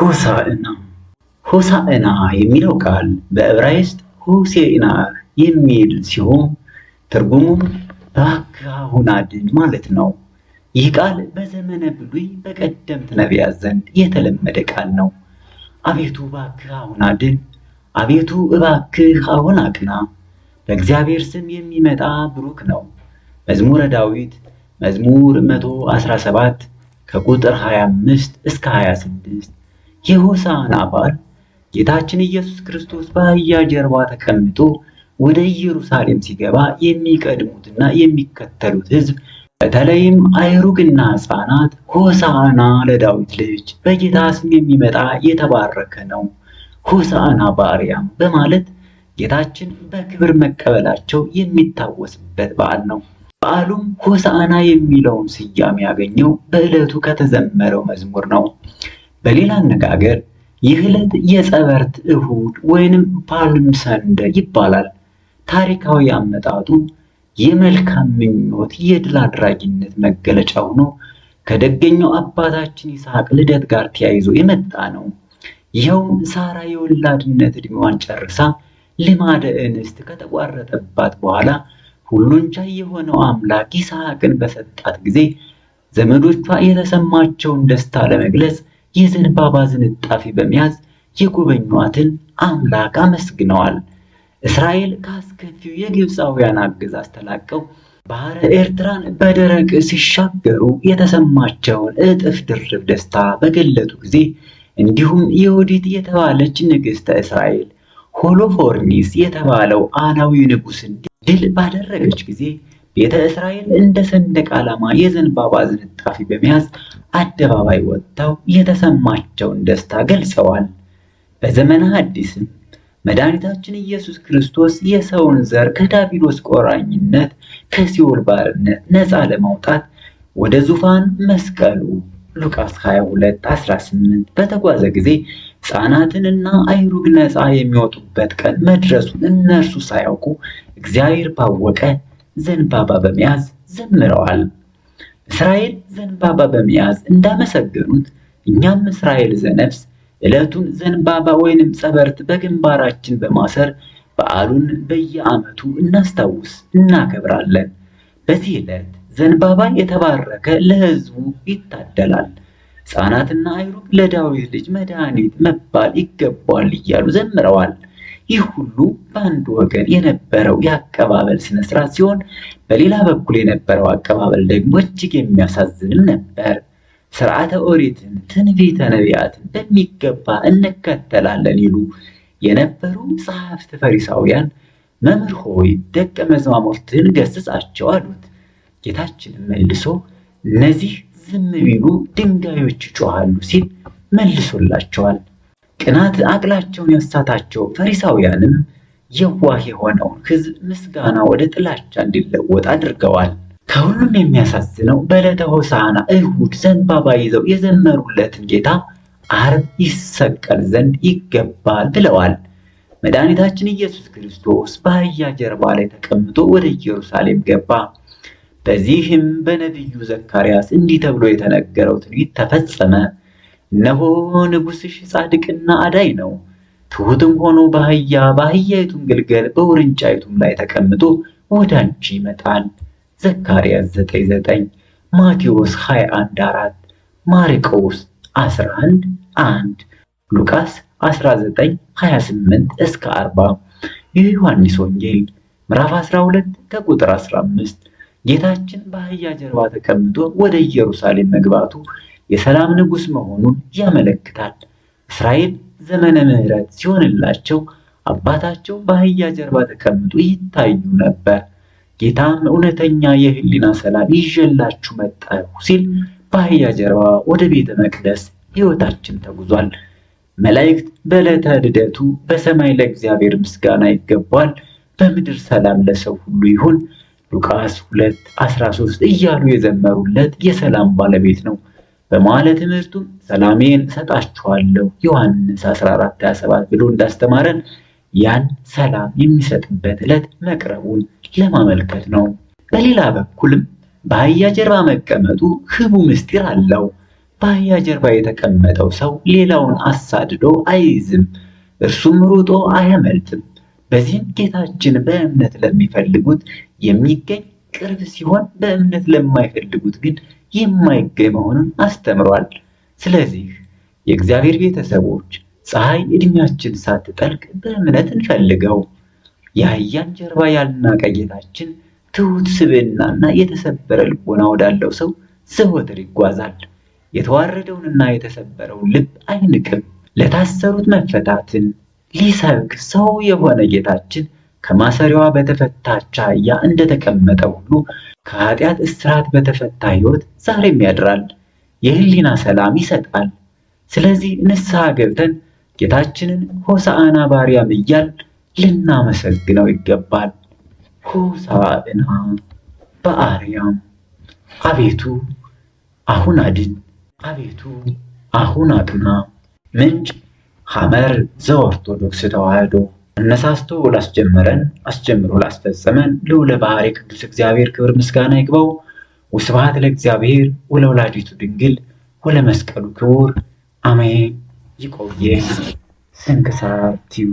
ሆሳዕና ሆሳዕና የሚለው ቃል በዕብራይስጥ ሆሴዕና የሚል ሲሆን ትርጉሙም እባክህ አሁን አድን ማለት ነው። ይህ ቃል በዘመነ ብሉይ በቀደምት ነቢያት ዘንድ የተለመደ ቃል ነው። አቤቱ እባክህ አሁን አድን፣ አቤቱ እባክህ አሁን አቅና፣ በእግዚአብሔር ስም የሚመጣ ብሩክ ነው። መዝሙረ ዳዊት መዝሙር 117 ከቁጥር 25 እስከ 26 የሆሳና በዓል ጌታችን ኢየሱስ ክርስቶስ በአህያ ጀርባ ተቀምጦ ወደ ኢየሩሳሌም ሲገባ የሚቀድሙትና የሚከተሉት ሕዝብ በተለይም አይሩግና ሕፃናት ሆሳና ለዳዊት ልጅ በጌታ ስም የሚመጣ የተባረከ ነው፣ ሆሳና በአርያም በማለት ጌታችን በክብር መቀበላቸው የሚታወስበት በዓል ነው። በዓሉም ሆሳና የሚለውን ስያሜ ያገኘው በዕለቱ ከተዘመረው መዝሙር ነው። በሌላ አነጋገር ይህ ዕለት የጸበርት እሁድ ወይንም ፓልም ሰንደ ይባላል። ታሪካዊ አመጣጡ የመልካም ምኞት የድል አድራጊነት መገለጫ ሆኖ ከደገኛው አባታችን ይስሐቅ ልደት ጋር ተያይዞ የመጣ ነው። ይኸውም ሳራ የወላድነት ዕድሜዋን ጨርሳ ልማደ እንስት ከተቋረጠባት በኋላ ሁሉን ቻይ የሆነው አምላክ ይስሐቅን በሰጣት ጊዜ ዘመዶቿ የተሰማቸውን ደስታ ለመግለጽ የዘንባባ ዝንጣፊ በመያዝ የጎበኟትን አምላክ አመስግነዋል። እስራኤል ከአስከፊው የግብፃውያን አገዛዝ ተላቀው ባህረ ኤርትራን በደረቅ ሲሻገሩ የተሰማቸውን እጥፍ ድርብ ደስታ በገለጡ ጊዜ እንዲሁም የወዲት የተባለች ንግሥተ እስራኤል ሆሎፎርኒስ የተባለው አናዊ ንጉሥን ድል ባደረገች ጊዜ ቤተ እስራኤል እንደ ሰንደቅ ዓላማ የዘንባባ ዝንጣፊ በመያዝ አደባባይ ወጥተው የተሰማቸውን ደስታ ገልጸዋል። በዘመነ አዲስም መድኃኒታችን ኢየሱስ ክርስቶስ የሰውን ዘር ከዳቢሎስ ቆራኝነት ከሲኦል ባርነት ነፃ ለማውጣት ወደ ዙፋን መስቀሉ ሉቃስ 22:18 በተጓዘ ጊዜ ሕፃናትንና አይሩግ ነፃ የሚወጡበት ቀን መድረሱን እነርሱ ሳያውቁ እግዚአብሔር ባወቀ ዘንባባ በመያዝ ዘምረዋል። እስራኤል ዘንባባ በመያዝ እንዳመሰገኑት እኛም እስራኤል ዘነፍስ ዕለቱን ዘንባባ ወይንም ጸበርት በግንባራችን በማሰር በዓሉን በየዓመቱ እናስታውስ እናከብራለን። በዚህ ዕለት ዘንባባ የተባረከ ለሕዝቡ ይታደላል። ሕፃናትና አይሩብ ለዳዊት ልጅ መድኃኒት መባል ይገባል እያሉ ዘምረዋል። ይህ ሁሉ በአንድ ወገን የነበረው የአቀባበል ስነስርዓት ሲሆን፣ በሌላ በኩል የነበረው አቀባበል ደግሞ እጅግ የሚያሳዝንም ነበር። ስርዓተ ኦሪትን፣ ትንቢተ ነቢያትን በሚገባ እንከተላለን ይሉ የነበሩ ጸሐፍት ፈሪሳውያን መምህር ሆይ ደቀ መዛሙርትህን ገስጻቸው አሉት። ጌታችንም መልሶ እነዚህ ዝም ቢሉ ድንጋዮች ይጮሃሉ ሲል መልሶላቸዋል። ቅናት አቅላቸውን ያሳታቸው ፈሪሳውያንም የዋህ የሆነውን ሕዝብ ምስጋና ወደ ጥላቻ እንዲለወጥ አድርገዋል። ከሁሉም የሚያሳዝነው በዕለተ ሆሳዕና እሁድ ዘንባባ ይዘው የዘመሩለትን ጌታ ዓርብ ይሰቀል ዘንድ ይገባል ብለዋል። መድኃኒታችን ኢየሱስ ክርስቶስ በአህያ ጀርባ ላይ ተቀምጦ ወደ ኢየሩሳሌም ገባ። በዚህም በነቢዩ ዘካርያስ እንዲህ ተብሎ የተነገረው ትንቢት ተፈጸመ። እነሆ ንጉሥሽ ጻድቅና አዳይ ነው፣ ትሁትም ሆኖ በአህያ በአህያይቱም ግልገል በውርንጫይቱም ላይ ተቀምጦ ወደ አንቺ ይመጣል። ዘካርያስ 9:9 ማቴዎስ 21:4 ማርቆስ 11:1 ሉቃስ 19:28 እስከ 40 የዮሐንስ ወንጌል ምዕራፍ 12 ከቁጥር 15 ጌታችን በአህያ ጀርባ ተቀምጦ ወደ ኢየሩሳሌም መግባቱ የሰላም ንጉሥ መሆኑን ያመለክታል። እስራኤል ዘመነ ምሕረት ሲሆንላቸው አባታቸው በአህያ ጀርባ ተቀምጦ ይታዩ ነበር። ጌታም እውነተኛ የህሊና ሰላም ይዤላችሁ መጣሁ ሲል በአህያ ጀርባ ወደ ቤተ መቅደስ ሕይወታችን ተጉዟል። መላእክት በዕለተ ልደቱ በሰማይ ለእግዚአብሔር ምስጋና ይገባል፣ በምድር ሰላም ለሰው ሁሉ ይሁን ሉቃስ 2 13 እያሉ የዘመሩለት የሰላም ባለቤት ነው። በመዋለ ትምህርቱ ሰላሜን እሰጣችኋለሁ ዮሐንስ 14:27 ብሎ እንዳስተማረን ያን ሰላም የሚሰጥበት ዕለት መቅረቡን ለማመልከት ነው። በሌላ በኩልም በአህያ ጀርባ መቀመጡ ህቡ ምስጢር አለው። በአህያ ጀርባ የተቀመጠው ሰው ሌላውን አሳድዶ አይይዝም፣ እርሱም ሮጦ አያመልጥም። በዚህም ጌታችን በእምነት ለሚፈልጉት የሚገኝ ቅርብ ሲሆን በእምነት ለማይፈልጉት ግን የማይገኝ መሆኑን አስተምሯል። ስለዚህ የእግዚአብሔር ቤተሰቦች ፀሐይ ዕድሜያችን ሳትጠልቅ በእምነት እንፈልገው። የአህያን ጀርባ ያልናቀ ጌታችን ትሑት ስብዕናና የተሰበረ ልቦና ወዳለው ሰው ዘወትር ይጓዛል። የተዋረደውንና የተሰበረውን ልብ አይንቅም። ለታሰሩት መፈታትን ሊሰብክ ሰው የሆነ ጌታችን ከማሰሪያዋ በተፈታ አህያ እንደተቀመጠ ሁሉ ከኃጢአት እስራት በተፈታ ሕይወት ዛሬም ያድራል፣ የህሊና ሰላም ይሰጣል። ስለዚህ ንስሐ ገብተን ጌታችንን ሆሳዕና በአርያም እያል ልናመሰግነው ይገባል። ሆሳዕና በአርያም አቤቱ አሁን አድን፣ አቤቱ አሁን አቅና። ምንጭ ሐመር ዘኦርቶዶክስ ተዋህዶ አነሳስቶ ላስጀመረን አስጀምሮ ላስፈጸመን ልዑለ ባሕሪ ቅዱስ እግዚአብሔር ክብር ምስጋና ይግባው። ወስብሐት ለእግዚአብሔር ወለወላዲቱ ድንግል ወለመስቀሉ ክቡር አሜን። ይቆየ። ስንክሳር ትዩ